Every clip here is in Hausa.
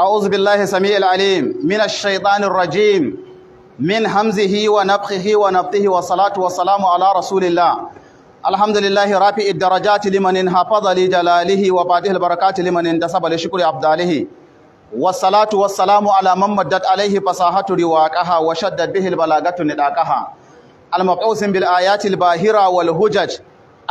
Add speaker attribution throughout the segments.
Speaker 1: أعوذ بالله سميع العليم من الشيطان الرجيم من همزه ونفخه ونبته والصلاة والسلام على رسول الله الحمد لله رافع الدرجات لمن انحفظ لجلاله وبعده البركات لمن انتسب لشكر عبداله والصلاة والسلام على من مدت عليه فصاحة رواقها وشدت به البلاغة نداقها المبعوث بالآيات الباهرة والهجج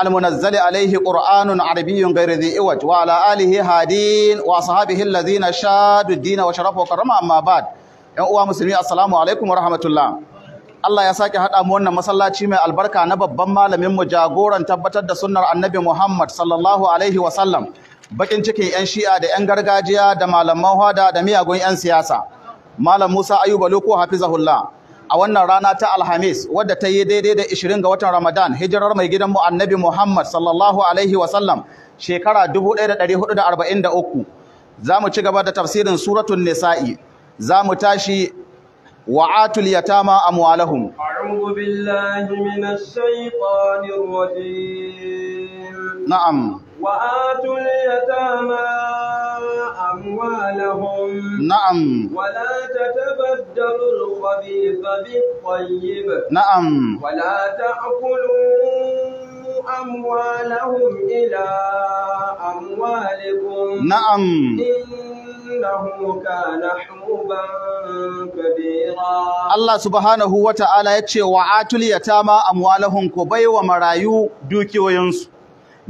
Speaker 1: المنزل عليه قرآن عربي غير ذي إوج وعلى آله هادين وأصحابه الذين شادوا الدين وشرفوا وكرموا أما بعد ‘yan uwa musulmi assalamu alaikum wa rahmatullah Allah ya sake haɗa mu wannan masallaci mai albarka na babban malamin mu jagoran tabbatar da sunnar annabi Muhammad sallallahu alaihi wa sallam bakin cikin ‘yan shi'a da ‘yan gargajiya da malaman hada da miyagun ‘yan siyasa Malam Musa Ayuba Loko hafizahullah a wannan rana ta Alhamis wadda ta yi daidai da 20 ga watan Ramadan hijirar mai gidan mu Annabi Muhammad sallallahu alaihi wa sallam shekara 1443 zamu ci gaba da tafsirin suratul nisa'i zamu tashi wa'atul yatama amwalahum
Speaker 2: a'udhu billahi minash shaitanir rajim na'am wa'atul yatama أموالهم نعم ولا تتبدلوا الخبيث بالطيب نعم ولا تأكلوا أموالهم إلى أموالكم نعم إنه كان حوبا كبيرا
Speaker 1: الله سبحانه وتعالى يتشي وعاتل يتامى أموالهم كبير ومرايو دوكي وينسو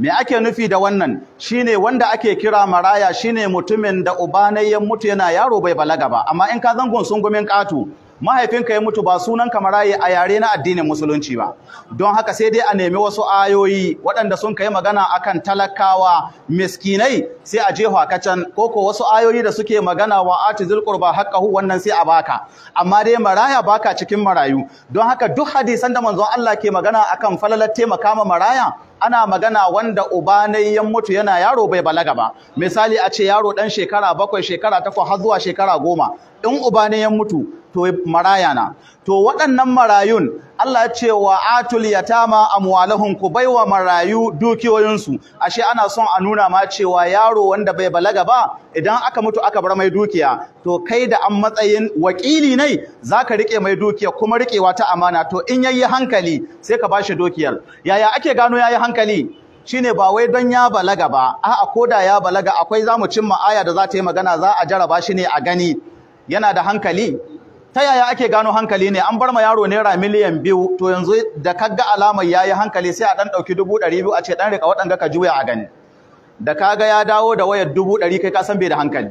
Speaker 1: me ake nufi da wannan shine wanda ake kira maraya shine mutumin da ubanai ya mutu yana yaro bai balaga ba amma in ka zangon sungumin katu mahaifinka ya mutu ba sunan ka maraye a yare na addinin musulunci ba don haka sai dai a nemi wasu ayoyi waɗanda sun kai magana akan talakawa miskinai sai a je hakacan ko ko wasu ayoyi da suke magana wa atizul qurba haqqahu wannan sai a baka amma dai maraya baka cikin marayu don haka duk hadisan da manzon Allah ke magana akan falalar taimaka ma maraya ana magana wanda uba ne ya mutu yana yaro bai balaga ba misali a ce yaro dan shekara bakwai shekara takwas har zuwa shekara goma in uba ne ya mutu to maraya na to waɗannan marayun Allah ce wa atul yatama amwalahum ku baiwa marayu dukiyoyinsu ashe ana son a nuna ma cewa yaro wanda bai balaga ba idan aka mutu aka bar mai dukiya to kai da an matsayin wakili ne zaka rike mai dukiya kuma rikewa ta amana to in yayi hankali sai ka bashi dukiyar yaya ake gano yayi hankali shine ba wai don ya balaga ba a'a koda ya balaga akwai zamu cimma aya da za ta yi magana za a jaraba shi ne a gani yana da hankali ta yaya ake gano hankali ne an bar ma yaro naira miliyan biyu to yanzu da ka ga alamar ya yi hankali sai a ɗan ɗauki dubu ɗari biyu a ce ɗan riƙa waɗanga ka juya a gani da ka ga ya dawo da wayar dubu ɗari kai ka san bai da hankali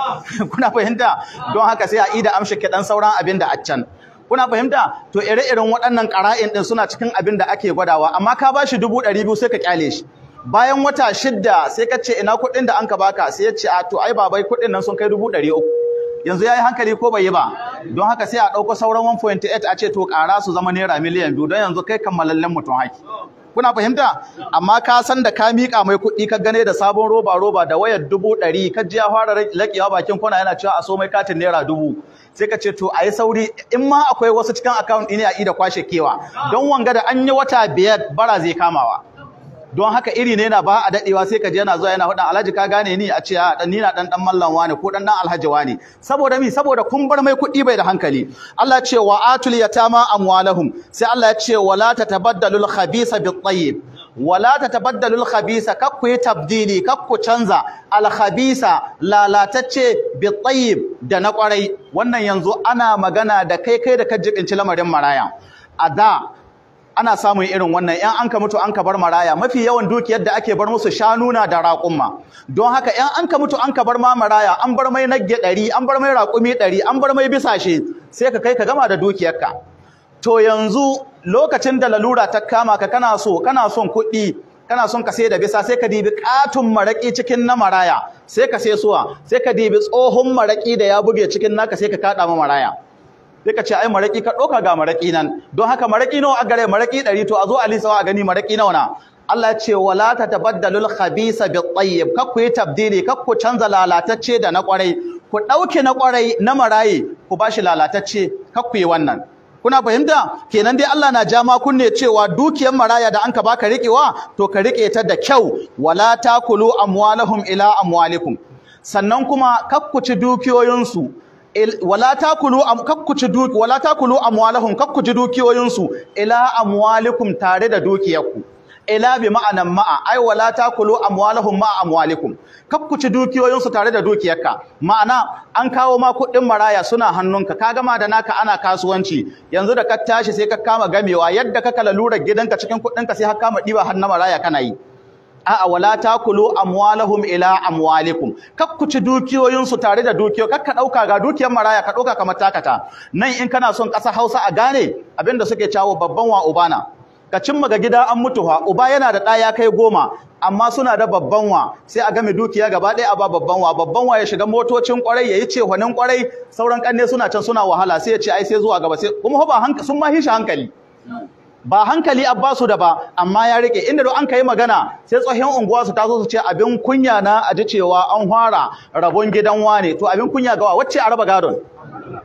Speaker 1: kuna fahimta don haka sai a ida amshi ke ɗan sauran abin da a can kuna fahimta to ire irin waɗannan ƙara'in din suna cikin abin da ake gwadawa amma ka ba shi dubu ɗari biyu sai ka ƙyale shi bayan wata shidda sai ka ce ina kuɗin da an ka baka sai ya ce a to ai babai kuɗin nan sun kai dubu ɗari uku yanzu ya yi hankali ko bai yi ba don haka sai a ɗauko sauran 1.8 a ce to ƙara su zama naira miliyan biyu don yanzu kai kammalallen mutum haki kuna fahimta amma ka san da ka miƙa mai kuɗi ka gane da sabon roba roba da wayar dubu ɗari ka ji ya fara laƙewa bakin kwana yana cewa a so mai katin naira dubu sai ka ce to a yi sauri in ma akwai wasu cikin akawun ɗin a ida kwashe kewa don wanga da an yi wata biyar bara zai kamawa don haka iri ne na ba a dadewa sai ka je yana zuwa yana faɗin alhaji ka gane ni a ce a dan ni na dan dan mallan wani ko dan dan alhaji wani saboda mi saboda kun bar mai kuɗi bai da hankali Allah ya ce wa atul yatama amwalahum sai Allah ya ce wala tatabaddalul khabisa bit tayyib wala tatabaddalul khabisa kakku yi tabdili ku canza al khabisa lalatacce bit tayyib da na kwarai wannan yanzu ana magana da kai kai da ka jibinci lamarin maraya a da ana samun irin wannan yan an ka mutu an ka bar maraya mafi yawan dukiyar da ake bar musu shanu na da raƙumma don haka yan an ka mutu an ka bar ma maraya an bar mai nagge ɗari an bar mai raƙumi ɗari an bar mai bisashe sai ka kai ka gama da dukiyarka to yanzu lokacin da lalura ta kama ka kana so kana son kuɗi kana son ka sai da bisa sai ka dibi ƙatun maraƙi cikin na maraya sai ka sai suwa sai ka dibi tsohon maraƙi da ya buge cikin naka sai ka kaɗa ma maraya sai ka ce ai maraki ka ɗauka ga maraki nan don haka maraki nawa a gare maraki ɗari to a zo a lisawa a gani maraki nawa na Allah ya ce wala tatabaddalul khabisa bit tayyib ku yi tabdili canza lalatacce da na kwarai ku ɗauke na kwarai na marayi ku ba shi lalatacce kakku yi wannan kuna fahimta kenan dai Allah na ja ma kunne cewa dukiyar maraya da anka baka riƙewa to ka riƙe ta da kyau wala takulu amwalahum ila amwalikum sannan kuma kakkuci dukiyoyinsu wala takulu am kakkuci duki wala dukiyoyinsu ila amwalikum tare da dukiyarku ila bi ma'anan ma'a ai wala takulu amwalahum ma'a amwalikum kakkuci dukiyoyinsu tare da dukiyarka ma'ana an kawo ma kuɗin maraya suna hannunka ka gama da naka ana kasuwanci yanzu da ka tashi sai ka kama gamewa yadda ka kala lura gidanka cikin kuɗinka sai ka kama ɗiba har na maraya kana yi a'a wala ta takulu amwalahum ila amwalikum ci dukiyoyin su tare da dukiyo kakka dauka ga dukiyar maraya ka dauka kamar takata nan in kana son ƙasa Hausa a gane abinda suke cawo babban wa ubana ka cimma ga gida an mutu uba yana da ɗaya kai goma amma suna da babban wa sai a mai dukiya gaba ɗaya a ba babban wa babban wa ya shiga motocin kwarai ya yi cehonin kwarai sauran kanne suna can suna wahala sai ya ce ai sai zuwa gaba sai kuma ba sun ma hisha hankali ba hankali abbasu da ba amma ya rike inda don an ka yi magana sai tsohon unguwa su tazo su ce abin kunya na a ji cewa an fara rabon gidan wane to abin kunya gawa wacce a raba gadon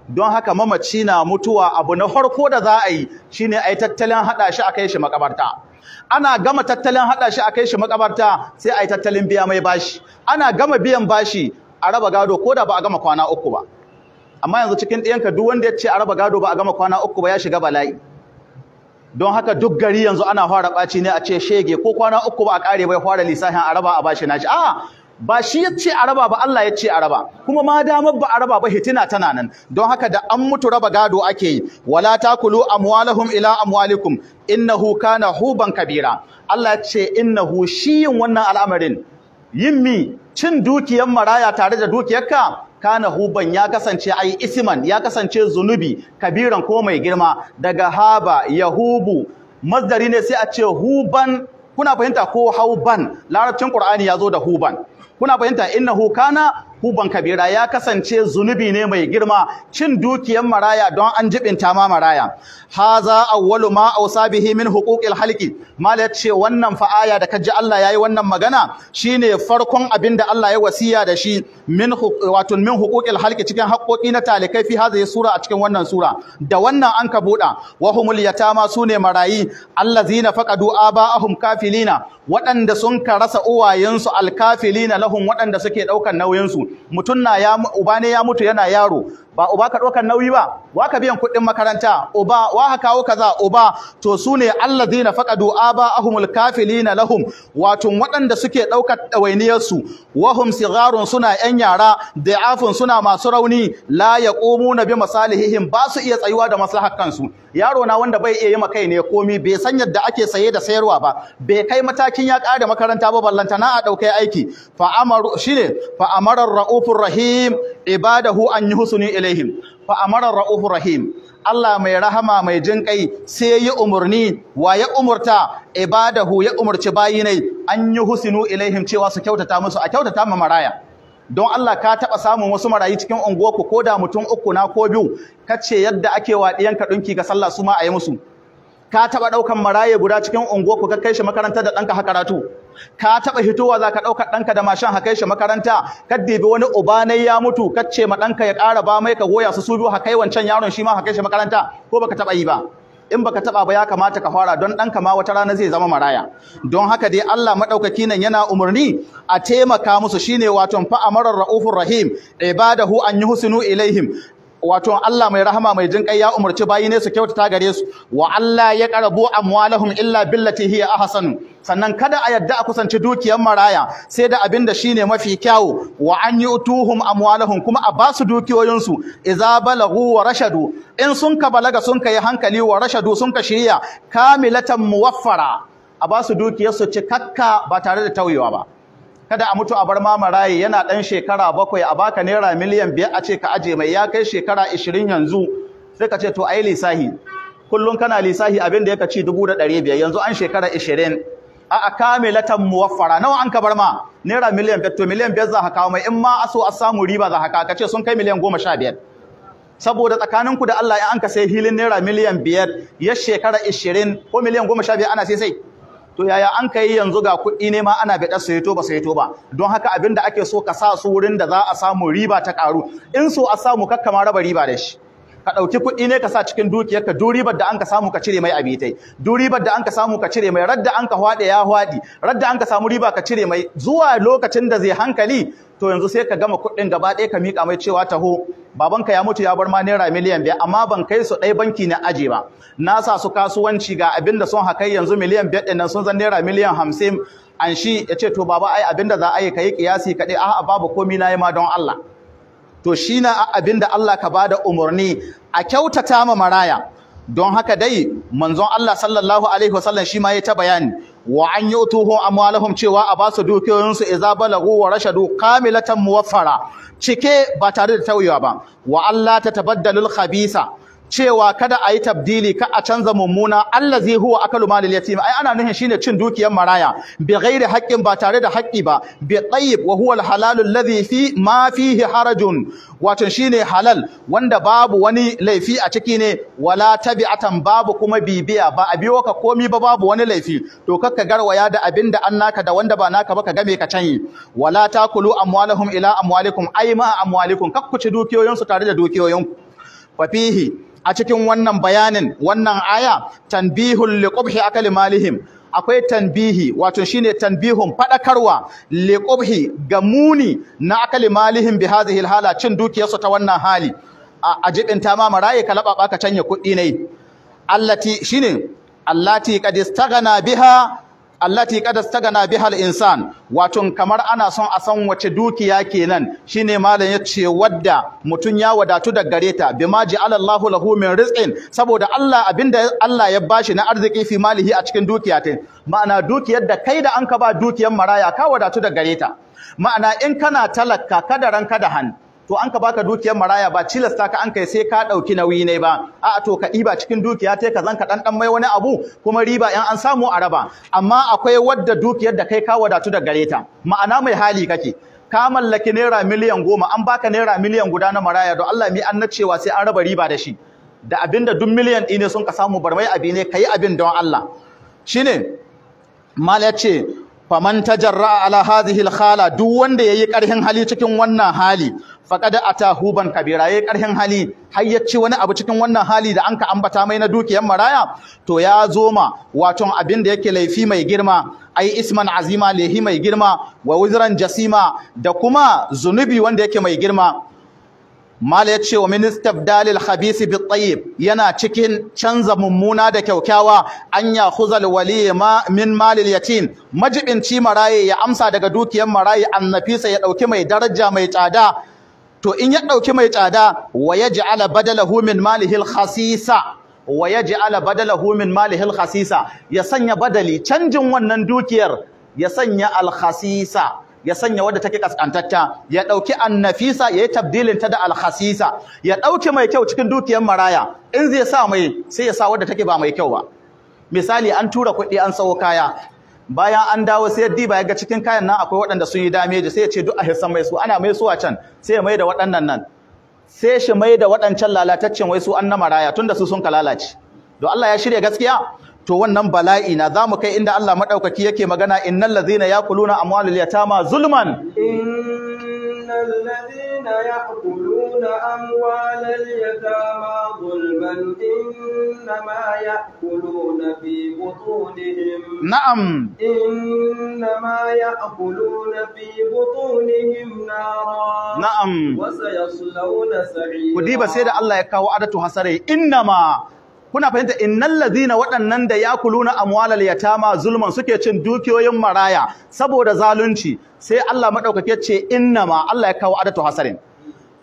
Speaker 1: don haka mamaci na mutuwa abu na farko da za a yi shine a yi tattalin haɗa shi a kai shi makabarta ana gama tattalin haɗa shi a kai shi makabarta sai a yi tattalin biya mai bashi ana gama biyan bashi a raba gado ko da ba a gama kwana uku ba amma yanzu cikin ɗiyanka duk wanda ya ce a raba gado ba a gama kwana uku ba ya shiga bala'i don haka duk gari yanzu ana fara ɓaci ne a ce shege ko kwana uku ba a ƙare bai fara lissafin araba a bashi nashi a'a ba shi ya ce araba ba Allah ya ce araba kuma ma damar ba araba ba hitina tana nan don haka da an mutu raba gado ake yi wala takulu amwalahum ila amwalikum innahu kana huban kabira Allah ya ce innahu shi yin wannan al'amarin yin mi cin dukiyar maraya tare da dukiyarka kana huban ya kasance ai isiman ya kasance zunubi kabiran ko mai girma daga haba yahubu masdari ne sai a ce huban kuna fahimta ko hauban larabcin qur'ani ya zo da huban kuna fahimta innahu kana huban kabira ya kasance zunubi ne mai girma cin dukiyar maraya don an jibinta ma maraya haza awwalu ma ausa bihi min huquqil halqi mal ce wannan fa aya da kaji Allah yayi wannan magana shine farkon abin da Allah ya wasiya da shi min wato min huquqil halqi cikin haƙoƙi na talikai fi haza sura a cikin wannan sura da wannan an ka buɗa wa humul yatama sune marayi allazina faqadu aba'ahum kafilina waɗanda sun ka rasa uwayensu alkafilina lahum waɗanda suke ɗaukar nauyinsu mutum na ya uba ne ya mutu yana yaro ba uba ka ɗaukar nauyi ba wa ka biyan kuɗin makaranta uba wa ka kawo kaza uba to su ne allazina faqadu kafili na lahum wato waɗanda suke ɗaukar ɗawainiyarsu wahum sigarun suna ƴan yara da'afun suna masu rauni la yaqumuna bi masalihihim ba su iya tsayuwa da maslahar kansu yaro na wanda bai iya yi kai ne komi bai san yadda ake saye da sayarwa ba bai kai matakin ya ƙare makaranta ba ballantana a ɗaukai aiki fa amaru shine fa amarar ra'ufur rahim ibadahu an yuhsinu ilayhi ilaihim fa amara ra'uhu rahim Allah mai rahama mai jin kai sai ya umurni wa ya umurta ibadahu ya umurci bayinai an yi husinu ilaihim cewa su kyautata musu a kyautata ma maraya don Allah ka taɓa samun wasu marayi cikin unguwarku ko da mutum uku na ko biyu kace yadda ake wa ɗiyanka ɗinki ga sallah su ma a yi musu ka taba daukan maraye guda cikin ungo ku kai shi makaranta da danka hakaratu ka taba hitowa za ka dauka danka da mashin hakai shi makaranta ka dibi wani uba ne ya mutu kace ma danka ya ƙara ba mai ka goya su su biyu hakai wancan yaron shi ma hakai shi makaranta ko baka taba yi ba in baka taba ba ya kamata ka fara don ɗanka ma wata rana zai zama maraya don haka dai Allah maɗaukaki nan yana umarni a taimaka musu shine wato fa amara raufur rahim ibadahu an yuhsinu ilaihim wato Allah mai rahama mai jin ya umarci bayi ne su kyautata gare su wa Allah ya karabu amwalahum illa billati hiya ahsan sannan kada a yadda a kusanci dukiyar maraya sai da abin da shine mafi kyawu wa an yutuhum amwalahum kuma a basu dukiyoyinsu su idza balagu wa rashadu in sun ka balaga sun kai hankali wa rashadu sun ka shirya kamilatan muwaffara a basu dukiyarsu cikakka ba tare da tauyewa ba kada a mutu a bar ma marayi yana ɗan shekara bakwai a baka naira miliyan biyar a ce ka aje mai ya kai shekara ishirin yanzu sai ka ce to ai lisahi kullum kana lisahi abin da yaka ci dubu da ɗari biyar yanzu an shekara ishirin a kamilatan muwaffara nawa an ka bar ma naira miliyan biyar to miliyan biyar za ka kawo mai in ma aso a samu riba za ka kace sun kai miliyan goma sha biyar saboda tsakaninku da Allah ya an ka sai hilin naira miliyan biyar ya shekara ishirin ko miliyan goma sha biyar ana sai sai to yaya an kai yanzu ga kuɗi ne ma ana biɗa su yato ba su yato ba don haka abin da ake so ka sa su wurin da za a samu riba ta ƙaru, in so a samu kakkama raba riba da shi ka ɗauki kuɗi ne ka sa cikin dukiyarka duribar da an ka samu ka cire mai abitai duribar da an ka samu ka cire mai radda an ka hwaɗe ya hwaɗi radda an ka samu riba ka cire mai zuwa lokacin da zai hankali to yanzu sai ka gama kuɗin gaba ɗaya ka miƙa mai cewa taho babanka ya mutu ya bar ma naira miliyan biyar amma ban kai su ɗaya banki na aje ba na sa su kasuwanci ga abin da sun hakai yanzu miliyan biyar ɗin sun zan naira miliyan hamsin an shi ya ce to baba ai abin da za a yi ka yi kiyasi ka ɗaya a'a babu komi na yi ma don Allah to shi na abin da Allah ka bada umarni a kyautata ma maraya don haka dai manzon Allah sallallahu alaihi wasallam shi ma ya ta bayani wa an yutuhu amwalahum cewa a basu dukiyoyinsu idza balagu wa rashadu kamilatan muwaffara cike ba tare da tauyewa ba wa Allah ta al-khabisa cewa kada a yi tabdili ka a canza mummuna allazi huwa akalu malil yatim ai ana nufin shine cin dukiyar maraya bi ghairi haqqin ba tare da haƙƙi ba bi tayyib wa huwa al halal fi ma fihi harajun wato shine halal wanda babu wani laifi a ciki ne wala tabi'atan babu kuma bibiya ba a biyo ka komi ba babu wani laifi to kakka garwaya da abin da an naka da wanda ba naka ba ka game ka canyi wala takulu amwalahum ila amwalikum ai ma amwalikum kakku ci dukiyoyinsu tare da dukiyoyinku fafihi a cikin wannan bayanin wannan aya tanbihul liqubhi akali malihim akwai tanbihi wato shine tanbihun fadakarwa liqubhi ga muni na akali malihim bi hadhihi alhala cin dukiyarsu ta wannan hali a jibin ta ma maraye ka lababa ka canya kuɗi ne allati shine allati qad istaghna biha allati qad istagana bihal insan wato kamar ana son a san wace dukiya kenan shine malam ya ce wadda mutun ya wadatu da gareta bima ja'ala alallahu lahu min rizqin saboda Allah abinda Allah ya bashi na arziki fi malihi a cikin dukiya ta ma'ana dukiyar da kai da an ka ba dukiyar maraya ka wadatu da gareta ma'ana in kana talakka ranka da hannu to an ka baka dukiyar maraya ba cilasta ka an kai sai ka ɗauki nauyi ne ba a to ka diba cikin dukiya tai ka zanka dan dan mai wani abu kuma riba in an samu a raba amma akwai wadda dukiyar da kai ka wadatu da gare ta ma'ana mai hali kake ka mallaki naira miliyan goma an baka naira miliyan guda na maraya don Allah mi an cewa sai an raba riba da shi da abinda duk miliyan ɗi ne sun ka samu barmai abi ne kayi abin don Allah shine mal ya ce faman tajarra ala hadhihi al duk wanda yayi karhin hali cikin wannan hali faqad atahuban kabira yayi karhin hali har ya ci wani abu cikin wannan hali da anka ambata mai na dukiyar maraya to ya zoma waton abin da yake laifi mai girma ai isman azima lehi mai girma wa wuzran jasima da kuma zunubi wanda yake mai girma mal ya ce wa ministaf dalil habisi bi tsayib yana cikin canza mummuna da kyaukyawa an ya huzal wali ma min malil yatim majibinci maraye ya amsa daga dukiyar maraye annafisa ya ɗauki mai daraja mai tsada to in ya ɗauki mai tsada wa yaj'ala badalahu min malihil khasisa wa yaj'ala badalahu min malihil khasisa ya sanya badali canjin wannan dukiyar ya sanya al khasisa ya sanya wadda take kaskantacca ya dauki annafisa ya yi tabdilin ta da alkhasisa ya ɗauki mai kyau cikin dukiyar maraya in zai sa mai sai ya sa wadda take ba mai kyau ba misali an tura kuɗi an sawo kaya bayan an dawo sai diba ya ga cikin kayan nan akwai waɗanda sun yi dameji sai ya ce duk a hissan mai su ana mai su a can sai ya mai da waɗannan nan sai shi mai da waɗancan lalataccen wai su an na maraya tunda su sun ka lalace don Allah ya shirya gaskiya to wannan bala'i na mu kai inda Allah maɗaukaki yake magana innal ladhina ya amwalul yatama zulman
Speaker 2: innal ma zulman. يأكلون أموال اليتامى ظلما إنما يأكلون في بطونهم نعم إنما يأكلون في بطونهم نارا نعم وسيصلون سعيرا
Speaker 1: وديب سيد الله يكاو عدد حسري إنما kuna fahimta innal ladina waɗannan da yakuluna amwalal yatama zulman suke cin dukiyoyin maraya saboda zalunci sai Allah madaukake ce innama Allah ya kawo adatu hasarin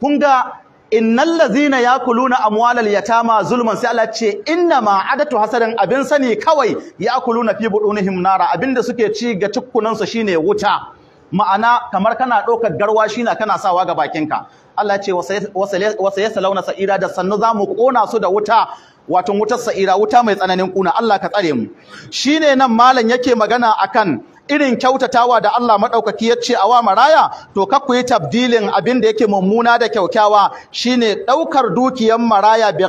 Speaker 1: kunga ga innal ladhina yakuluna amwalal yatama zulman sai Allah ce inna ma adatu hasadan abin sani kawai yakuluna fi budunihim nara abinda suke ci ga cikkunan su shine wuta ma'ana kamar kana ɗaukar garwashi na kana sawa ga bakinka Allah ce wasa ya launa sa'ira da sannu za mu kona su da wuta wato wutar sa'ira wuta mai tsananin kuna. Allah ka tsare mu shine nan malam yake magana akan irin kyautatawa da Allah maɗaukaki ya ce a wa maraya to ka ku yi tabdilin abin da yake mummuna da kyaukyawa shine ɗaukar dukiyar maraya bi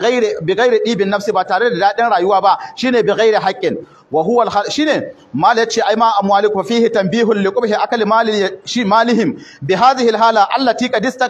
Speaker 1: gairi ɗibin nafsi ba tare da daɗin rayuwa ba shine bi gairi haƙƙin. wa huwa al shine mal yace ai ma amwalikum fihi tanbihun li qubhi akal mali malihim bi hadhihi al hala allati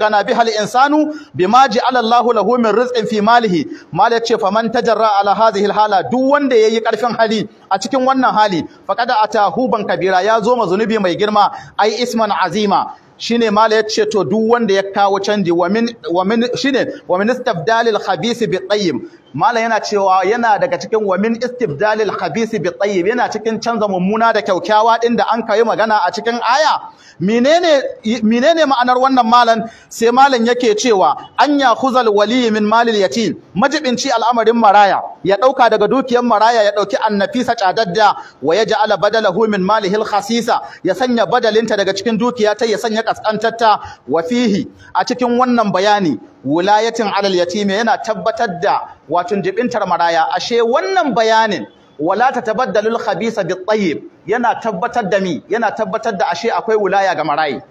Speaker 1: na bi hal al insanu bi ja'ala Allahu lahu min rizqin fi malihi mal yace faman tajarra ala hadhihi al hala duk wanda yayi karfin hali a cikin wannan hali faqad atahu huban kabira ya zo ma zunubi mai girma ai isman azima shine mala yace to duk wanda ya kawo canji wa min wa min shine wa min malam yana cewa yana daga cikin wamin istibdalil khabisi bi tayyib yana cikin canza mummuna da kyaukyawa din da an kai magana a cikin aya menene menene ma'anar wannan malam sai malam yake cewa an ya khuzal wali min malil yatim majibinci al'amarin maraya ya dauka daga dukiyar maraya ya dauki annafisa cadadda wa yaj'ala badalahu min malihil khasisa ya sanya badalinta daga cikin dukiya ta ya sanya kaskantatta wa fihi a cikin wannan bayani wulayatin alal yatimi yana tabbatar da wato jibintar maraya ashe wannan bayanin wala tatabaddalul khabisa bit tayyib yana tabbatar da mi yana tabbatar da ashe akwai wilaya ga maraye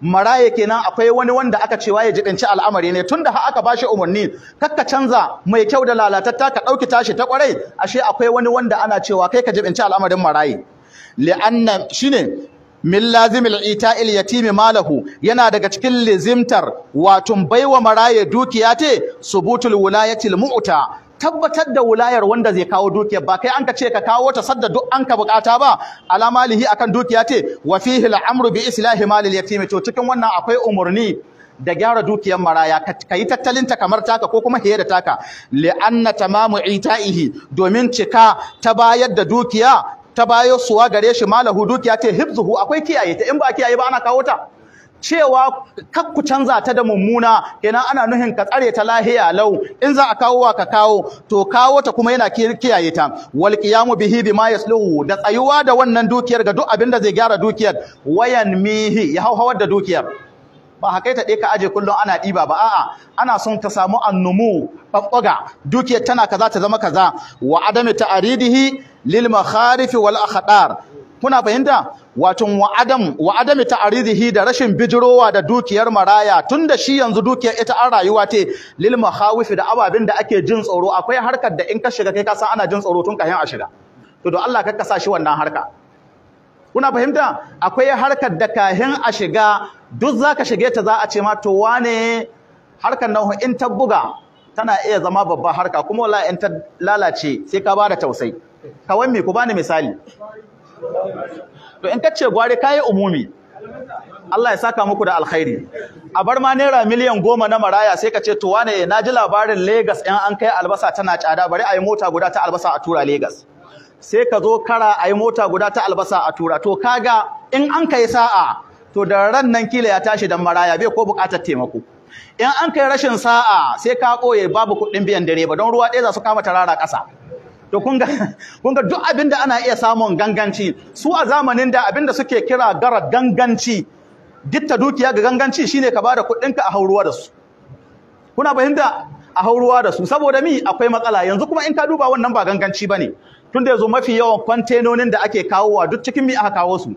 Speaker 1: maraye kenan akwai wani wanda aka cewa ya jibinci al'amari ne tunda har aka bashi umarni kakka canza mai kyau da lalatatta ka dauki tashi ta kwarai ashe akwai wani wanda ana cewa kai ka jibinci al'amarin maraye li'anna shine min lazimil ita'il yatimi malahu yana daga cikin lizimtar watun baiwa maraya dukiya te subutul wulayatil mu'ta tabbatar da wulayar wanda zai kawo dukiyar ba kai an ka ce ka kawo ta sadda duk an ka bukata ba alamalihi akan dukiya te wa fihi al'amru bi islahi malil yatimi to cikin wannan akwai umurni da gyara dukiyar maraya ka yi tattalinta kamar taka ko kuma hiye da taka li'anna tamamu ita'ihi domin cika ta bayar da dukiya ta bayo suwa gare shi malahu dukiya ce hibzuhu akwai kiyaye ta in ba kiyaye ba ana kawo ta cewa kak canza ta da mummuna kenan ana nuhin ka tsare ta lahiya lau in za a kawo wa ka kawo to kawo ta kuma yana kiyaye ta wal qiyamu bihi bima yasluhu da tsayuwa da wannan dukiyar ga duk abin da zai gyara dukiyar wayan mihi ya hauhawar da dukiyar ba haka ta ɗaya ka aje kullum ana ɗiba ba a'a ana son ka samu annumu babbaga dukiyar tana kaza ta zama kaza wa adami ta'aridihi lil makharifi wal akhdar kuna fahimta wato wa adam wa ta'aridihi da rashin bijirowa da dukiyar maraya tunda shi yanzu dukiyar ita an rayuwa te lil makhawif da ababin da ake jin tsoro akwai harkar da in ka shiga kai ka san ana jin tsoro tun kahin a shiga to don Allah ka sa shi wannan harka kuna fahimta akwai harkar da kahin a shiga duk zaka shige ta za a ce ma to wane harkar nan in ta buga tana iya zama babba harka kuma wallahi in ta lalace sai ka bada tausayi kawai me ku bani misali to in kace gwari kai umumi Allah ya saka muku da alkhairi a bar ma naira miliyan goma na maraya sai ka ce to wane na ji labarin Lagos in an kai albasa tana tsada bari a yi mota guda ta albasa a tura Lagos sai ka zo kara a yi mota guda ta albasa a tura to kaga in an kai sa'a to da ran nan kila ya tashi don maraya bai ko buƙatar taimako in an kai rashin sa'a sai ka koye babu kuɗin biyan dare ba don ruwa ɗaya za su kama tarara ƙasa to kun ga duk abin da ana iya samun ganganci su a zamanin da abin da suke kira gara ganganci ditta dukiya ga ganganci shine ka bada kuɗinka a hauruwa da su kuna fahimta a hauruwa da su saboda mi akwai matsala yanzu kuma in ka duba wannan ba ganganci ba ne. Tun da ya zo mafi yawan kwantenonin da ake kawowa duk cikin mi aka kawo su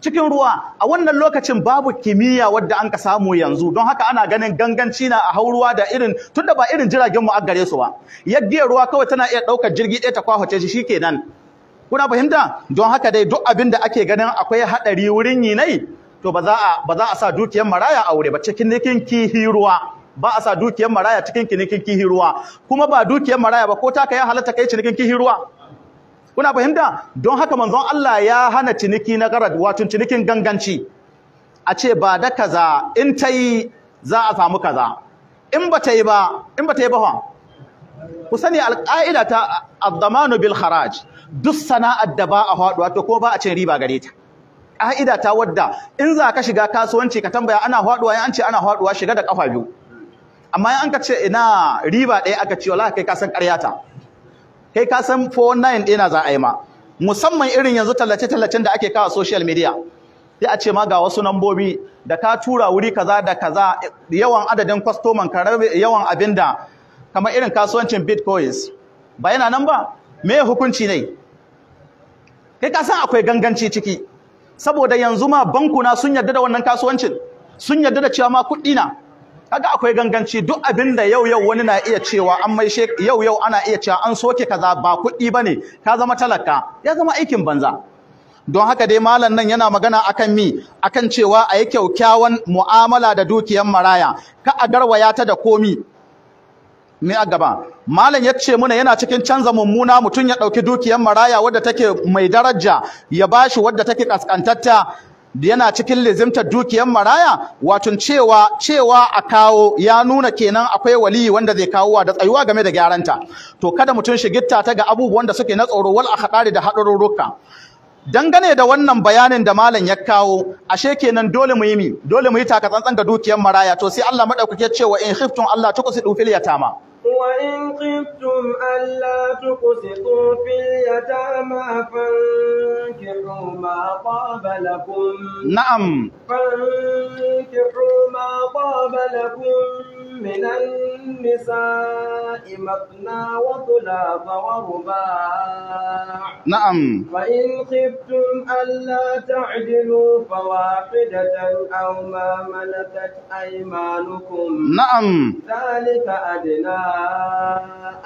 Speaker 1: cikin ruwa a wannan lokacin babu kimiyya wadda an ka samu yanzu don haka ana ganin ganganci na a hauruwa da irin da ba irin jiragen mu a gare su ba yaggiyar ruwa kawai tana iya ɗaukar jirgi ɗaya ta kwahace shi shikenan kuna fahimta don haka dai duk abin da ake ganin akwai haɗari wurin yi nai to ba za a ba za a sa dukiyar maraya a aure ba cikin nikin kihi ruwa ba a sa dukiyar maraya cikin kinikin kihi ruwa kuma ba dukiyar maraya ba ko ta kai halatta kai cinikin kihi ruwa kuna fahimta don haka manzon Allah ya hana ciniki na garad wato cinikin ganganci a ce ba da kaza in ta yi za a samu kaza in ba ta yi ba in ba ta yi ba ku sani alƙa'ida ta ad bil kharaj duk sana'ar da ba a haɗuwa wato ko ba a cin riba gare ta ƙa'ida ta wadda in za ka shiga kasuwanci ka tambaya ana haɗuwa an ce ana haɗuwa shiga da ƙafa biyu amma in an ka ce ina riba ɗaya aka ce wallahi kai ka san ƙarya ta kai ka san 419 ɗina za a yi ma musamman irin yanzu tallace-tallacen da ake kawo social media sai a ce ma ga wasu nambobi da ka tura wuri kaza da kaza yawan adadin kwastoman ka rabe yawan abin kamar irin kasuwancin bitcoins ba yana nan ba me hukunci ne kai ka san akwai ganganci ciki saboda yanzu ma bankuna sun yarda da wannan kasuwancin sun yarda da cewa ma kuɗi na kaga akwai ganganci duk abin da yau yau wani na iya cewa an mai shek yau yau ana iya cewa an soke kaza ba kuɗi ne ka zama talaka ya zama aikin banza don haka dai malam nan yana magana akan mi akan cewa a yi kyaukyawan mu'amala da dukiyar maraya ka a garwaya ta da komi me a gaba malam ya ce muna yana cikin canza mummuna mutum ya ɗauki dukiyar maraya wadda take mai daraja ya bashi wadda take kaskantatta yana cikin lizimtar dukiyar maraya wato cewa cewa a kawo ya nuna kenan akwai waliyi wanda zai kawo da tsayuwa game da gyaranta to kada mutum shi gitta ta ga abubuwan da suke na tsoro wal haɗari da hadarurruka dangane da wannan bayanin da malam ya kawo ashe kenan dole mu yi mi dole mu yi taka tsantsan ga dukiyar maraya to sai Allah madaukake cewa in khiftum Allah tuqsidu fil yatama
Speaker 2: وإن خفتم ألا تقسطوا في اليتامى فانكحوا ما طاب لكم نعم فانكحوا ما طاب لكم من النساء مثنى وثلاث ورباع نعم فإن خفتم ألا تعدلوا فواحدة أو ما ملكت أيمانكم نعم ذلك أدنى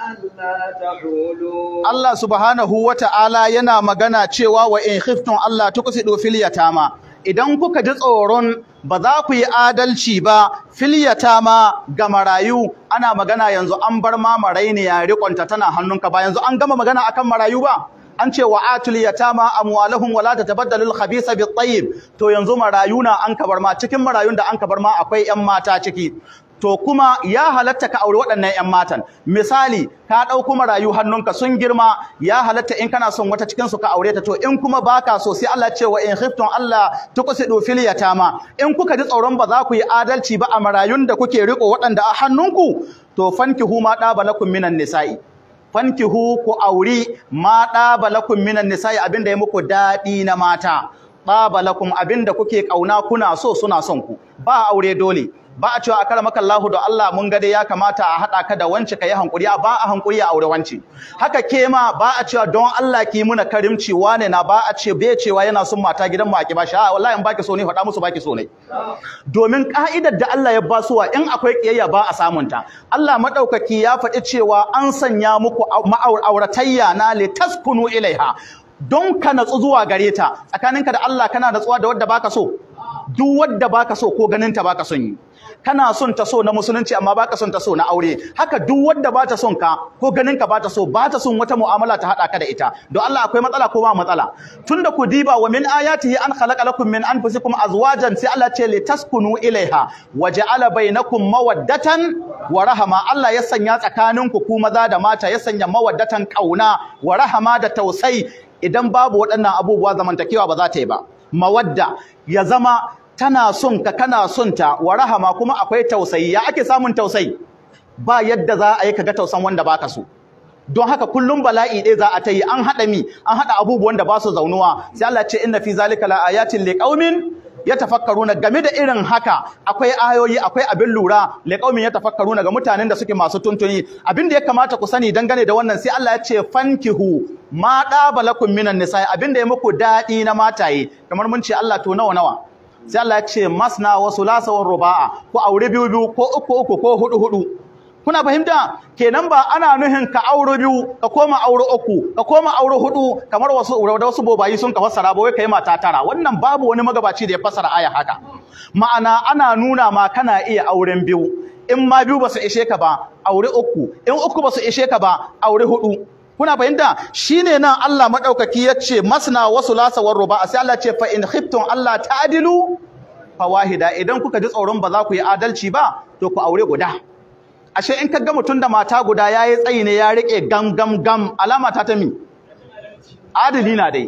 Speaker 2: ألا تعولوا
Speaker 1: الله سبحانه وتعالى ينا مغنى cewa wa in khiftum Allah tuqsidu fil yatama idan kuka ji tsoron ba za ku yi adalci ba filiyata ma ga marayu ana magana yanzu an bar ma marai ne ya rikonta tana hannunka ba yanzu an gama magana akan marayu ba an ce wa atul yatama amwaluhum wala tatabaddalu al khabisa bit-tayyib to yanzu marayuna an kabar ma cikin marayun da an kabar ma akwai 'yan mata ciki to kuma ya halatta ka aure waɗannan 'yan matan misali ka ɗauko marayu hannunka sun girma ya halatta in kana son wata cikin su ka aure ta to in kuma baka so sai Allah ce wa in khiftum Allah tuqsidu fil yatama in kuka ji tsoron ba za ku yi adalci ba a marayun da kuke riko waɗanda a hannunku to fankihu ma ɗaba na minan nisa'i fankihu ku auri ma ɗaba na minan nisa'i abinda ya muku daɗi na mata ɗaba abin abinda kuke ƙauna kuna so suna son ku ba aure dole ba a cewa akara maka Allahu da Allah mun ga dai ya kamata a haɗa ka da wance ka yi hankuri ba a hankuri a aure wance haka ke ma ba a cewa don Allah ki muna karimci wane na ba a ce bai cewa yana son mata gidan mu a ki a wallahi in baki so ne faɗa musu baki so ne domin ka'idar da Allah ya ba suwa in akwai kiyayya ba a ta Allah madaukaki ya faɗi cewa an sanya muku ma'auratayya na litaskunu ilaiha don ka natsu zuwa gare ta tsakaninka da Allah kana natsuwa da wadda baka so duk wadda baka so ko ganin ta baka son yi kana son ta so na musulunci amma baka son ta so na aure haka duk wanda bata son ka ko ganin ka bata so bata son wata mu'amala ta hada ka da ita don Allah akwai matsala ko ba matsala tunda ku diba wa min ayatihi an khalaqa lakum min anfusikum azwajan sai Allah ce litaskunu ilaiha wa ja'ala bainakum mawaddatan wa rahama Allah ya sanya tsakaninku ku maza da mata ya sanya mawaddatan kauna wa rahama da tausayi idan babu waɗannan abubuwa zamantakewa ba za ta yi ba mawadda ya zama tana son ka kana son ta wa rahama kuma akwai tausayi ya ake samun tausayi ba yadda za a yi ka ga tausan wanda baka so don haka kullum bala'i dai za a ta yi an haɗa mi an haɗa abubuwan da ba su zaunuwa sai Allah ce inna fi zalika la ayatin liqaumin yatafakkaruna game da irin haka akwai ayoyi akwai abin lura liqaumin yatafakkaruna ga mutanen da suke masu tuntuni abin da ya kamata ku sani dangane da wannan sai Allah ya ce fankihu ma dabalakum minan nisa abin da ya muku daɗi na mataye kamar mun ce Allah to nawa nawa sai Allah ce masna wa sulasa wa ruba'a ko aure biyu biyu ko uku uku ko hudu hudu kuna fahimta kenan ba ana nuhin ka aure biyu ka koma aure uku ka koma aure hudu kamar wasu da wasu bobayi sun ka fassara ba wai kai mata tara wannan babu wani magabaci da ya fassara aya haka ma'ana ana nuna ma kana iya auren biyu in ma biyu ba su ishe ka ba aure uku in uku ba su ishe ka ba aure hudu kuna fahimta Shi ne nan Allah madaukaki yace masna wasu lasawar ruba sai Allah ce fa in khiftum Allah ta'dilu wahida idan kuka ji tsoron ba za ku yi adalci ba to ku aure guda ashe in ka ga mutum da mata guda yayi tsayi ne ya rike gam gam gam alama ta ta mi adali na dai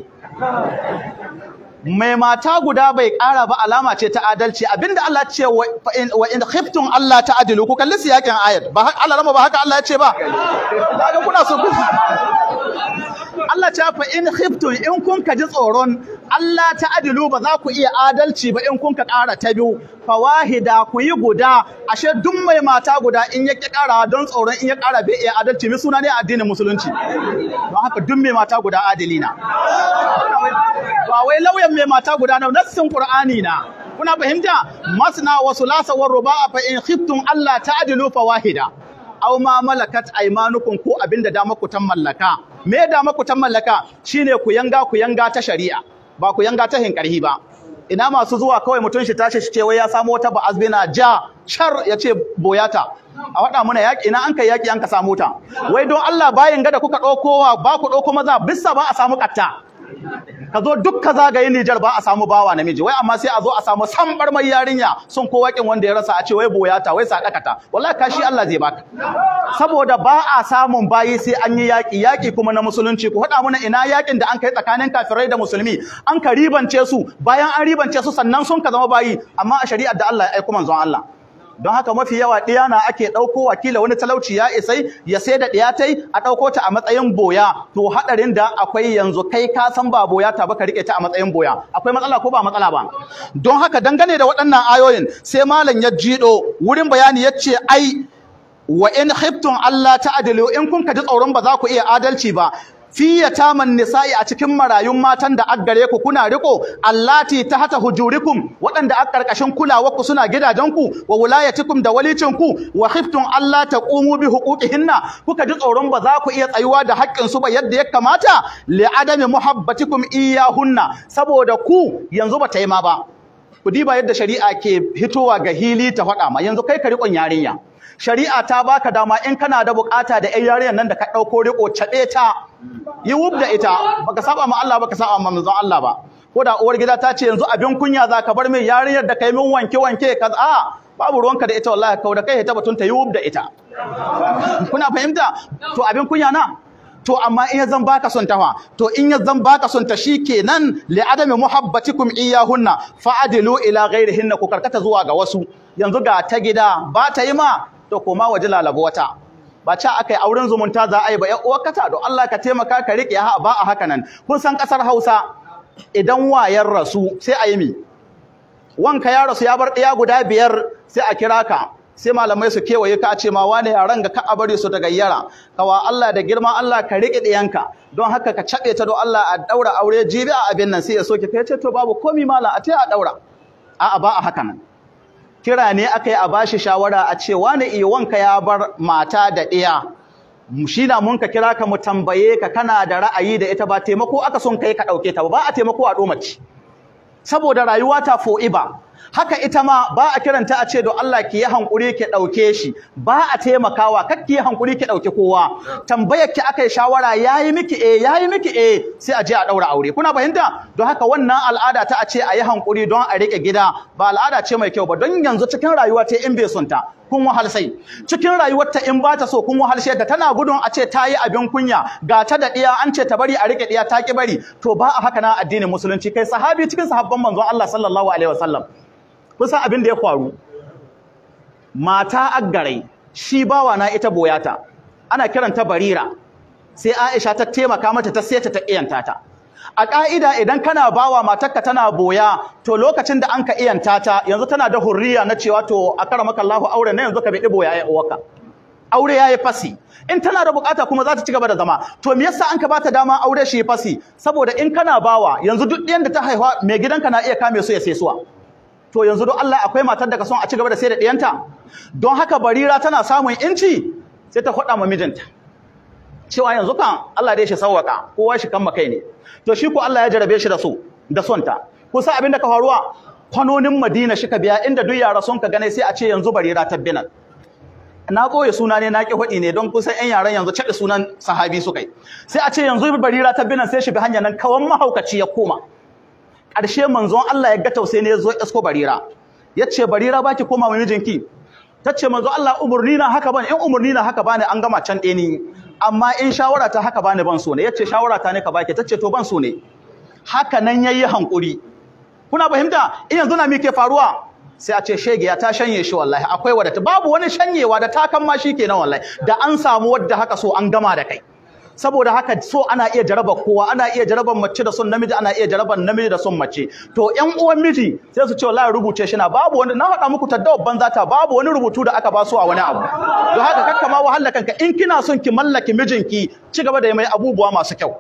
Speaker 1: mai mata guda bai ƙara ba alama ce ta adalci abinda Allah ce wa in khiftum Allah ta adilu ku kalli siyakin ayat ba Allah rama ba haka Allah ya ce ba kaga kuna so Allah ta fa in khiftu in kun ka ji tsoron Allah ta adilu ba za ku iya adalci ba in kun ka ƙara ta biyu fawahida ku yi guda ashe duk mai mata guda in ya ƙara don tsoron in ya ƙara bai iya adalci mi suna ne addinin musulunci don haka duk mai mata guda adali na ba wai lauyan mai mata guda na nassin qur'ani na kuna fahimta masna wa sulasa wa ruba'a fa in khiftum Allah ta ta'dilu fawahida aw ma malakat aymanukum ko abinda da makutan mallaka me ku tan mallaka shine ku yanga ku yanga ta shari'a ba ku yanga ta hinkarhi ba ina masu zuwa kawai mutum shi tashi shi ce wai ya samu wata azbina ja shar ya ce boyata a wada mana yaƙi ina an kai yaƙi an ka samu ta wai don Allah bayin ga da kuka wa ba ku ɗauko maza bisa ba a samu katta? ka zo dukka ka zagaye Nijar ba a samu bawa namiji wai amma sai a zo a samu sambar mai yarinya sun ko wakin wanda ya rasa a ce wai boyata wai sadakata wallahi kashi Allah zai baka saboda ba a samun bayi sai an yi yaki yaki kuma na musulunci ku hada mana ina yakin da an kai tsakanin kafirai da musulmi an ka ribance su bayan an ribance su sannan sun ka zama bayi amma a shari'ar da Allah ya aiko manzon Allah don haka mafi yawa ɗiya na ake ɗauko wakila wani talauci ya isai ya sai da ɗiya ta a ɗauko ta a matsayin boya to haɗarin da akwai yanzu kai ka san ba boya ta baka riƙe ta a matsayin boya akwai matsala ko ba matsala ba don haka dangane da waɗannan ayoyin sai malam ya jido wurin bayani ya ce ai wa in khiftum Allah ta'dilu in kun ka ji tsoron ba za ku iya adalci ba ta yataman nisa'i a cikin marayun matan da aggare ku kuna riko allati hata hujurikum waɗanda a karkashin kulawar ku suna ku? wa wulayatikum da walicin ku wa khiftum ta taqumu bi huquqihinna kuka ji tsoron ba za ku iya tsayuwa da haƙƙin su ba yadda ya kamata li adami muhabbatikum iyahunna saboda ku yanzu ba ta yi ma ba ku diba yadda shari'a ke hitowa ga hili ta faɗa ma yanzu kai ka riƙon yarinya shari'a ta baka dama in kana da bukata da 'yan yarinyar nan da ka ɗauko riƙo caɓe ta yi wub da ita baka saba ma Allah baka saba ma manzon Allah ba ko da uwar gida ta ce yanzu abin kunya za ka bar min yarinyar da kai min wanke wanke ka a babu ruwanka da ita wallahi kawai da kai ta batun ta yi wub da ita kuna fahimta to abin kunya na to amma in zan baka son ta to in zan baka son ta shikenan li adami muhabbatikum iyahunna adilu ila ghairihinna ku karkata zuwa ga wasu yanzu ga ta gida ba ta yi ma to koma waje lalabo wata ba ca aka yi auren zumunta za a yi ba ƴan uwarka don Allah ka taimaka ka riƙe ha ba a haka nan kun san ƙasar Hausa idan wayar rasu sai a yi mi wanka ya rasu ya bar ɗaya guda biyar sai a kira ka sai malamai su kewaye ka a ce ma wane yaran ga ka a bari su ta gayyara kawa Allah da girma Allah ka riƙe ɗiyanka don haka ka caɓe ta don Allah a ɗaura aure jibi a abin nan sai ya soke ka ya ce to babu komi malam a ta a ɗaura a'a ba a haka nan kira ne aka yi a bashi shawara a ce wani eh, wanka ya bar mata da ɗiya shi na mun ka kira ka mu tambaye ka kana da ra'ayi da ita ba taimako aka son kai ka ɗauke ta ba a taimako a ɗomaci saboda rayuwa ta fo'i ba. haka ita ma ba a kiranta a ce don Allah ki yi hankuri ki ɗauke shi ba a taimakawa kar ki yi hankuri ki ɗauki kowa tambayar ki aka yi shawara yayi yi miki eh ya miki eh sai a je a ɗaura aure kuna fahimta don haka wannan al'ada ta a ce a yi hankuri don a rike gida ba al'ada ce mai kyau ba don yanzu cikin rayuwa ta in bai sunta kun wahal sai cikin rayuwarta in ba ta so kun wahal sai da tana gudun a ce ta yi abin kunya ga ta da diya an ce ta bari a rike diya ta ki bari to ba a haka na addinin musulunci kai sahabi cikin sahabban manzon Allah sallallahu alaihi wasallam Kusa abin da ya kwaru. mata agarai, shi bawa na ita boyata ana kiranta barira sai Aisha ta taimaka mata ta sai ta iyanta ta a ka'ida idan kana bawa matarka tana boya to lokacin da anka iyanta ta yanzu tana da hurriya na cewa to a karamaka Allahu aure na yanzu ka bi boya ai uwaka aure yayi fasi in tana da bukata kuma za ta ci gaba da zama to me yasa anka bata dama aure shi fasi saboda in kana bawa yanzu duk ɗiyan da ta haihuwa mai gidanka na iya kame su ya sai suwa to yanzu don Allah akwai matar da ka son a ci gaba da sai da ɗiyanta don haka barira tana samun inci sai ta faɗa ma mijinta cewa yanzu kan Allah dai shi sauwaka kowa shi kan makai ne to shi ko Allah ya jarabe shi da su da sonta kusa abin da ka faruwa kwanonin Madina shi ka biya inda duk yara sun ka gane sai a ce yanzu barira tabbinan na koye suna ne na ki hudi ne don kusan yan yaran yanzu cade sunan sahabi su kai sai a ce yanzu barira tabbinan sai shi bi hanya nan kawan mahaukaci ya koma ƙarshe manzon Allah ya ga tausayi ne ya zo isko barira ya ce barira baki koma wa mijinki ta ce manzon Allah umurni na haka bane in umurni na haka bane an gama can ɗaya amma in shawara ta haka bane ban so ne ya ce shawara ta ne ka baki ta ce to ban so ne haka nan ya yi hankuri kuna fahimta in yanzu na mi faruwa sai a ce shege ya ta shanye shi wallahi akwai wadata babu wani shanyewa da takan ma shi kenan wallahi da an samu wadda haka so an gama da kai saboda haka so ana iya jaraba kowa ana iya jaraban mace da son namiji ana iya jaraban namiji da son mace to ƴan uwan miji sai su ce wallahi rubuce shi na babu wani na faɗa muku taddawa banza ta babu wani rubutu da aka ba su a wani abu don haka kakka ma wahala kanka in kina son ki mallaki mijinki ci gaba da mai abubuwa masu kyau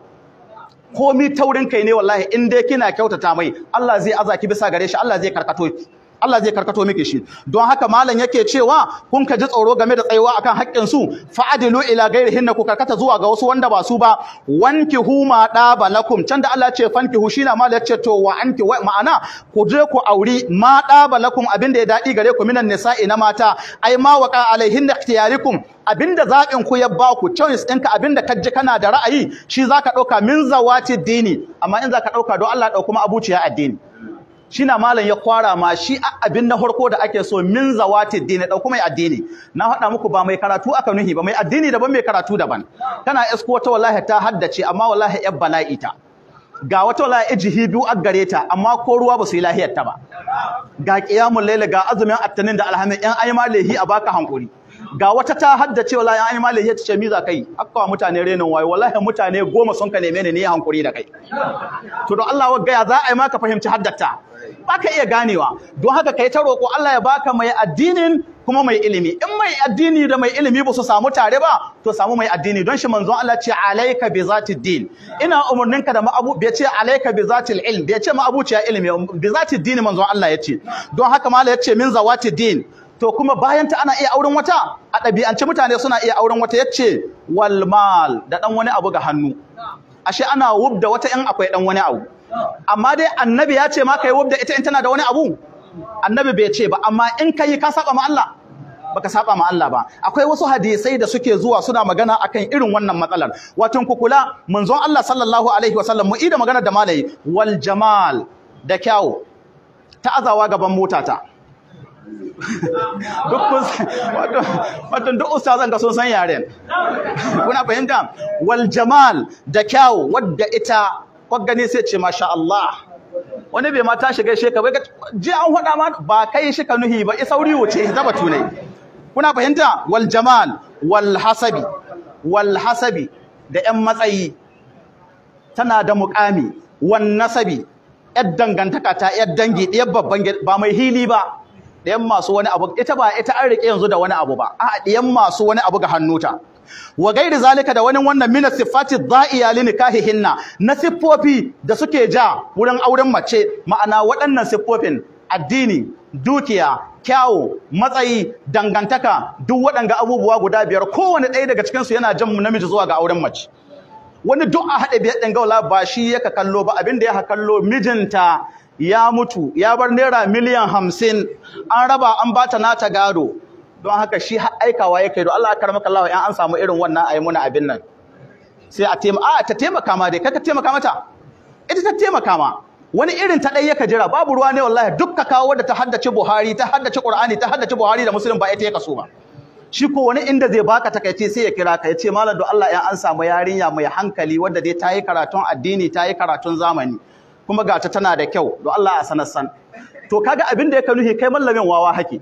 Speaker 1: komi taurin kai ne wallahi in dai kina kyautata mai Allah zai azaki bisa gare shi Allah zai karkato Allah zai karkato miki shi don haka malam yake cewa kun ka ji tsoro game da tsayuwa akan haƙƙin su fa'adilu ila ghairihin ku karkata zuwa ga wasu wanda ba su ba wankihu ma daba lakum can da Allah ce fankihu shi malam yace to wa anki wa ma'ana ku je ku auri ma daba lakum abin da ya dadi gare ku minan nisa'i na mata ai ma waqa alaihin ikhtiyarikum abinda zaɓin ku ya ba ku choice ka abinda ka ji kana da ra'ayi shi zaka ɗauka min zawati dini amma in zaka ɗauka don Allah ɗauka ma abuciya addini shina malam ya kwara ma shi abin na farko da ake so min zawati dini dauko mai addini na hada muku ba mai karatu aka nuhi ba mai addini daban mai karatu daban kana isko wata wallahi ta haddace amma wallahi yar bala'i ta ga wata wallahi ijihi hidu a gare ta amma ko ruwa ba su yi lahiyar ta ba ga qiyamul layl ga azumin attanin da alhamin yan aima lehi a baka hankuri ga wata ta haddace la ai malai ya tace miza kai akka mutane renin wai wallahi mutane goma sun ka neme ni ne hankuri da kai to don Allah wagga ya za a yi ma ka fahimci haddata ka iya ganewa don haka kai ta roko Allah ya baka mai addinin kuma mai ilimi in mai addini da mai ilimi ba su samu tare ba to samu mai addini don shi manzon Allah ce alayka bi zati din ina umurninka da ma'abu bai ce alayka bi zati ilm bai ce ma'abuciya ilimi bi zati din manzon Allah ya ce don haka mala ya ce min zawati din to kuma bayan ta ana iya auren wata a ɗabi'ance mutane suna iya auren wata yace wal walmal da ɗan wani abu ga hannu ashe ana wub da wata in akwai ɗan wani abu amma dai annabi ya ce ma ka yi wub da ita in tana da wani abu annabi bai ce ba amma in ka yi ka saba ma Allah baka saba ma Allah ba akwai wasu hadisai da suke zuwa suna magana akan irin wannan matsalar watan ku kula manzon Allah sallallahu alaihi wasallam mu ida magana da malai wal jamal da kyau ta azawa gaban mota ta wato duk zan ga sun san yaren kuna fahimta wal jamal da kyau wadda ita kwaggani sai ce masha Allah wani bai ma ta shiga sheka bai ji an faɗa ma ba kai shi ka nuhi ba wuri wuce zaba tunai kuna fahimta wal jamal wal hasabi wal hasabi da yan matsayi tana da muƙami wan nasabi yar dangantaka ta yar dangi ɗiyar babban ba mai hili ba ɗiyan masu wani abu ita ba ita an riƙe yanzu da wani abu ba a ɗiyan masu wani abu ga hannuta wa gairi zalika da wani wannan mina siffati dha'iya li nikahihinna na siffofi da suke ja wurin auren mace ma'ana waɗannan siffofin addini dukiya kyawu matsayi dangantaka duk waɗanga abubuwa guda biyar kowane ɗaya daga cikinsu yana jan namiji zuwa ga auren mace wani duk a haɗe biyar ɗin gaula ba shi yaka kallo ba abin da ya kallo mijinta ya mutu ya bar naira miliyan hamsin an raba an bata nata gado don haka shi aikawa ya kai Do Allah karama kallawa in an samu irin wannan ayi muna abin nan sai a tema a ta taimaka ma dai kaka taimaka mata ita ta taimaka ma wani irin ta ɗaya ka jira babu ruwa ne wallahi duk ka kawo wanda ta haddace Buhari ta haddace Qur'ani ta haddace Buhari da Muslim ba ita ya kaso ba shi ko wani inda zai baka takaice sai ya kira ka ya ce malam don Allah ya an samu yarinya mai hankali wanda dai ta yi karatun addini ta yi karatun zamani kuma ga ta tana da kyau don Allah a sanar san to kaga abin da yake nuhi kai mallamin wawa haki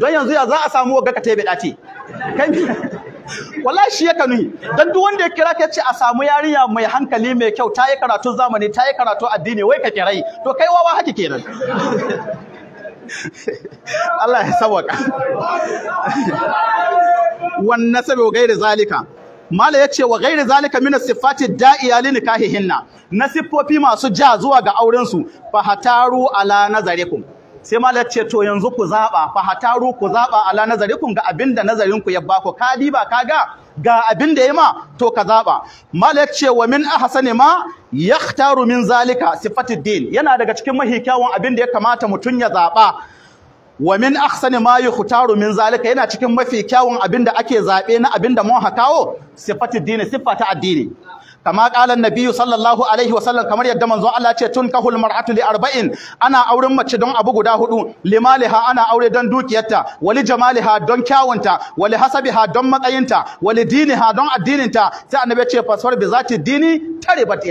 Speaker 1: don yanzu ya za a samu wagga ka tebe dace kai wallahi shi yake nuhi dan duk wanda ya kira ka ce a samu yarinya mai hankali mai kyau ta yi karatu zamani ta yi karatu addini wai ka kirai to kai wawa haki kenan Allah ya sawaka wannan sabo gairi zalika mala ce wa gairi zalika mina sifati da'iya li nikahihinna na siffofi masu ja zuwa ga aurensu. su fa hataru ala nazarikum sai mala ce to yanzu ku zaba fa hataru ku zaba ala nazarikum ga abinda nazarin ku ya bako ka diba kaga ga abin da ya to ka zaba mala ce wa min ahsani ma yakhtaru min zalika sifatid din yana daga cikin mahi kyawun abin da ya kamata mutun ya zaba wa min ahsani ma yukhtaru min zalika yana cikin mafi kyawun abinda ake zabe na abinda mun hakawo sifatu dini sifata addini kama qala annabi sallallahu alaihi wasallam kamar yadda manzo Allah ce tun kahul mar'atu li arba'in ana auren mace don abu guda hudu limaliha ana aure don dukiyarta wali jamaliha don kyawunta wali hasabiha don matsayinta wali diniha don addininta sai annabi ce fasfar bi zati dini tare bat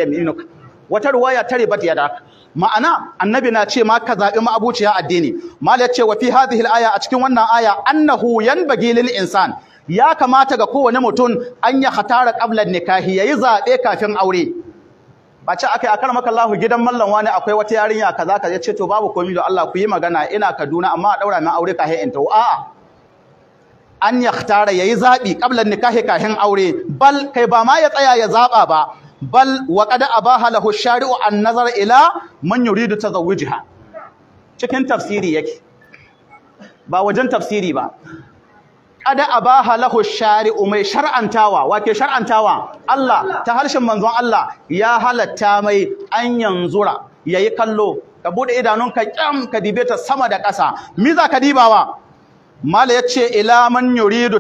Speaker 1: wata ruwaya tare bat yadaka ma'ana annabi na ce ma ka zabi ma'abuciya addini mal yace wa fi hadhihi al-aya a cikin wannan aya annahu yanbaghi lil insan ya kamata ga kowane mutum an ya hatara qablan nikahi yayi zaɓe kafin aure ba ce akai akar Kallahu gidan mallan wani akwai wata yarinya kaza kaza yace to babu komai da Allah ku yi magana ina Kaduna amma a daura min aure kahin in ta a'a an ya hatara yayi zaɓi qablan nikahi kafin aure bal kai ba ma ya tsaya ya zaba ba bal wa qad abaha lahu shari'u an nazar ila man yuridu tazawwijha cikin tafsiri yake ba wajen tafsiri ba qad abaha lahu shari'u mai shar'antawa wake shar'antawa Allah ta harshen manzon Allah ya halatta mai an yanzura yayi kallo ka buɗe idanunka kyam ka dibe sama da ƙasa miza ka dibawa mala ya ce ila man yuridu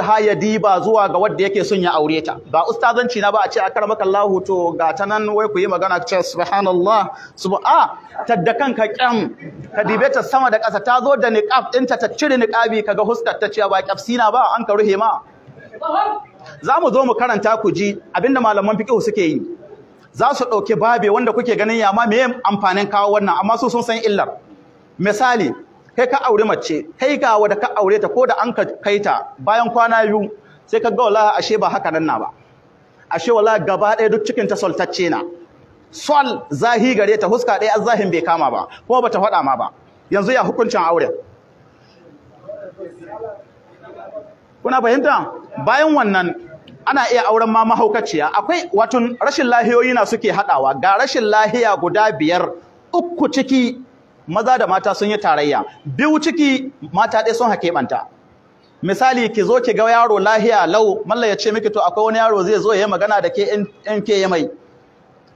Speaker 1: hayadi ba zuwa ga wadda yake son ya aure ta ba ustazanci na ba a ce a karmaka Allah to ga ta nan wai ku yi magana ce subhanallah sub'a tadda kanka kyam ka dibe ta sama da ƙasa ta zo da niqab ɗinta ta cire niqabi kaga huskar ta ce ba kafsina ba an ka ruhe ma za mu zo mu karanta ku ji abinda malaman fiqh suke yi za su ɗauki babe wanda kuke ganin yama me amfanin kawo wannan amma su sun san illar misali kai ka aure mace kai ga wanda ka aure ta ko da an ka kai ta bayan kwana biyu sai ka ga wallahi ashe ba haka nan na ba ashe wallahi gaba ɗaya duk cikin ta soltacce na sol zahi gare ta huska ɗaya azahin bai kama ba kuma bata faɗa ma ba yanzu ya hukuncin aure kuna fahimta bayan wannan ana iya auren ma mahaukaciya akwai watun rashin lahiyoyi na suke haɗawa ga rashin lahiya guda biyar uku ciki maza da mata sun yi tarayya biyu ciki mata ɗaya sun hakeɓanta misali ki zo ki ga yaro lahiya lau malla ya ce miki to akwai wani yaro zai zo ya yi magana da ke in ke mai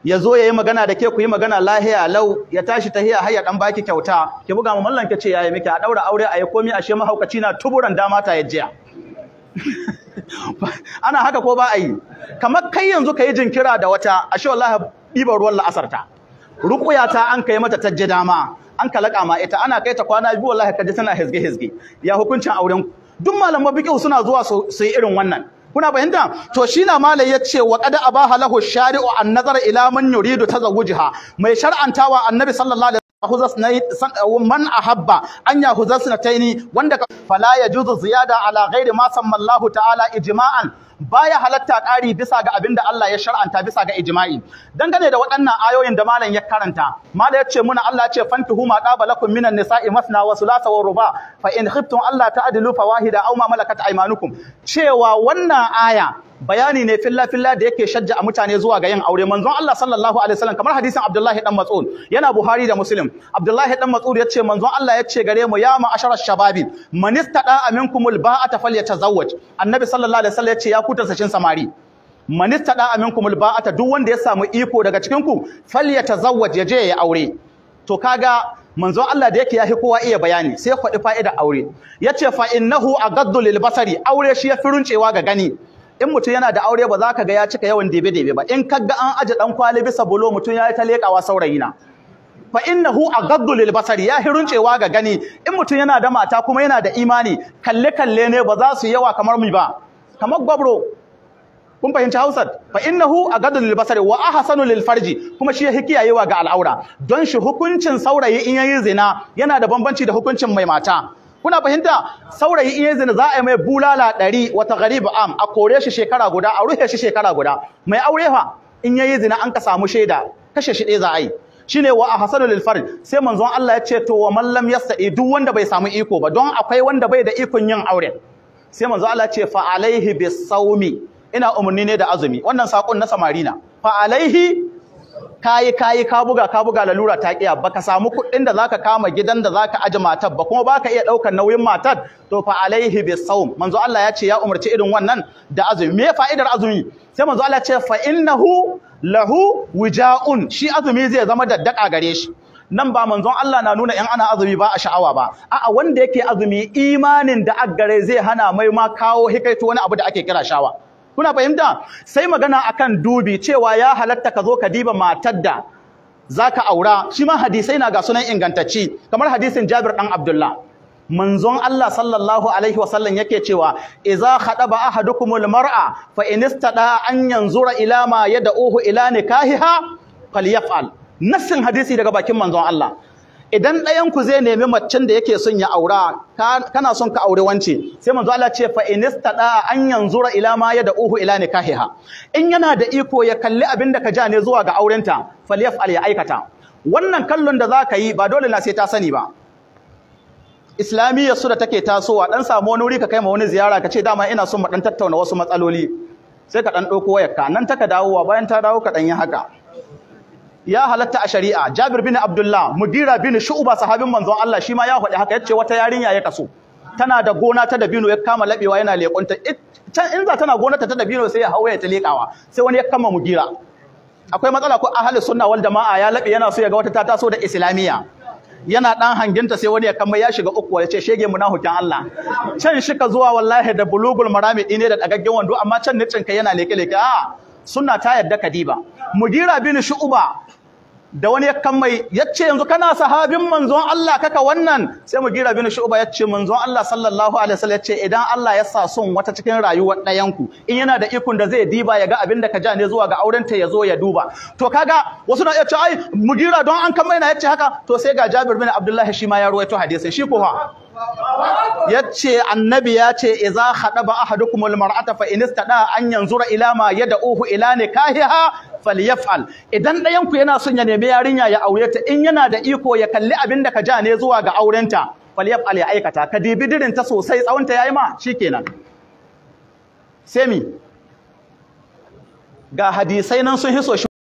Speaker 1: ya zo ya yi magana da ke ku yi magana lahiya lau ya tashi ta har ya ɗan baki kyauta ki buga mu mallan ki ce yayi miki a ɗaura aure a yi komi a shi mahaukaci na tuburan dama ta jiya. ana haka ko ba a yi kamar kai yanzu ka yi jinkira da wata ashe wallahi ɗiban ruwan la'asarta ruƙuya ta an kai mata tajje dama an kalaka ma ita ana kai ta kwana biyu wallahi kaji tana hezge-hezge. ya hukuncin auren duk malaman fiqh suna zuwa su yi irin wannan kuna bayanta to shi na malai ya ce wa qad abaha lahu shari'u an nazar ila man yuridu tazawwujaha mai shar'antawa annabi sallallahu alaihi huzas na man ahabba an ya huzas na taini wanda fala yajuzu ziyada ala ghairi ma samma Allah ta'ala ijma'an baya halatta ƙari bisa ga abin da Allah ya shar'anta bisa ga ijma'i dangane da waɗannan ayoyin da malam ya karanta malam ya ce muna Allah ya ce fantuhu ma qabalakum minan nisa'i masna wa thulatha wa ruba fa in khiftum Allah ta'dilu fawahida aw ma malakat aymanukum cewa wannan aya bayani ne filla filla da yake shajja a mutane zuwa ga yin aure manzon Allah sallallahu alaihi wasallam kamar hadisin Abdullahi dan Mas'ud yana Buhari da Muslim Abdullahi dan Mas'ud yace manzon Allah yace gare mu ya ma'ashara shababi man istada aminkumul ba'ata falyatazawwaj annabi sallallahu alaihi wasallam yace ya kutar sashin samari man istada aminkumul ba'ata duk wanda ya samu iko daga cikin ku falyatazawwaj yaje ya aure to kaga manzon Allah da yake yafi kowa iya bayani sai faɗi fa'ida aure yace fa innahu agaddu lil basari aure shi ya firuncewa ga gani in mutum yana da aure ba za ka ga ya cika yawan debe-debe ba in ka ga an ajiye dan kwali bisa bulo mutum ya yi ta leƙawa saurayi na fa innahu aghaddu lil basari ya hiruncewa ga gani in mutum yana da mata kuma yana da imani kalle kalle ne ba za su yawa kamar mu ba kamar gwabro kun fahimci Hausar fa innahu aghaddu lil basari wa ahsanu lil farji kuma shi ya kiyayewa ga al'aura don shi hukuncin saurayi in yayi zina yana da bambanci da hukuncin mai mata kuna fahimta saurayi in za a yi mai bulala ɗari wata gariba am a kore shi shekara guda a rufe shi shekara guda mai aure fa in yayi zina an ka samu shaida kashe shi ɗaya za a yi shine wa ahsanu lil farid sai manzon Allah ya ce to wa man lam yastati duk wanda bai samu iko ba don akwai wanda bai da ikon yin aure sai manzon Allah ya ce fa alaihi bisawmi ina umurni ne da azumi wannan sakon na samari na, fa'alaihi. kayi kayi ka buga ka buga lalura ta kiya baka samu kuɗin da zaka kama gidan da zaka aje matar ba kuma baka iya ɗaukar nauyin matar to fa alaihi saum manzo Allah ya ce ya umarci irin wannan da azumi me fa'idar azumi sai manzo Allah ya ce fa innahu lahu wija'un shi azumi zai zama daddaka gare shi nan ba manzon Allah na nuna in ana azumi ba a sha'awa ba a'a wanda yake azumi imanin da aggare zai hana mai ma kawo hikaitu wani abu da ake kira shawa kuna fahimta sai magana akan dubi cewa ya halatta ka zo ka diba matar da zaka aura shi ma hadisai na ga sunan ingantacci kamar hadisin Jabir ɗan Abdullah manzon Allah sallallahu alaihi wasallam yake cewa idza khadaba ahadukumul mar'a fa inistada an yanzura ila ma yad'uhu ila nikahiha falyaf'al nassin hadisi daga bakin manzon Allah idan ɗayanku zai nemi macen da yake son ya aura kana son ka aure wance sai manzo Allah ce fa inistada an yanzura ila ma ya da uhu ila nikahiha in yana da iko ya kalli abin da ka ja ne zuwa ga aurenta falyaf'al ya aikata wannan kallon da zaka yi ba dole na sai ta sani ba Islamiyya su da take tasowa dan samu wani wuri ka kai ma wani ziyara ka ce dama ina son mu dan tattauna wasu matsaloli sai ka dan dauko wayarka nan ta ka dawowa bayan ta dawo ka dan yi haka ya halatta a shari'a Jabir bin Abdullah Mudira bin Shu'ba sahabin manzon Allah shi ma ya faɗi haka yace wata yarinya ya kaso tana da gona ta dabino ya kama labewa yana lekonta can in za tana gonata ta dabino sai ya hawo ya ta lekawa sai wani ya kama Mudira akwai matsala ko ahli sunna wal jama'a ya labe yana so ya ga wata ta taso da islamiyya yana dan hanginta sai wani ya kama ya shiga uku ya ce shege hukun Allah can shika zuwa wallahi da bulugul marami ne da dagaggen wando amma can nicin kai yana leke leke a sunna ta yadda kadiba mugira bin shu'ba da wani ya kan mai yace yanzu kana sahabin manzon Allah kaka wannan sai mugira bin shu'ba yace manzon Allah sallallahu alaihi wasallam yace idan Allah ya sa son wata cikin rayuwar ɗayanku. in yana da ikon da zai diba ya ga abin da ka ja ne zuwa ga auren ta yazo ya duba to kaga wasu na yace ai mugira don an kan mai na yace haka to sai ga Jabir bin Abdullah shi ma ya ruwaito hadisin shi ko ha yace annabi ya ce idza khadaba ahadukumul mar'ata fa inistada an yanzura ila ma yad'uhu ila nikahiha falyaf'al idan dayan ku yana son ya nemi yarinya ya aure ta in yana da iko ya kalli abin da ka ja ne zuwa ga aurenta falyaf'al ya aikata ka dibi dirin ta sosai tsawonta ta yayi ma shikenan sai mi ga hadisai nan sun hiso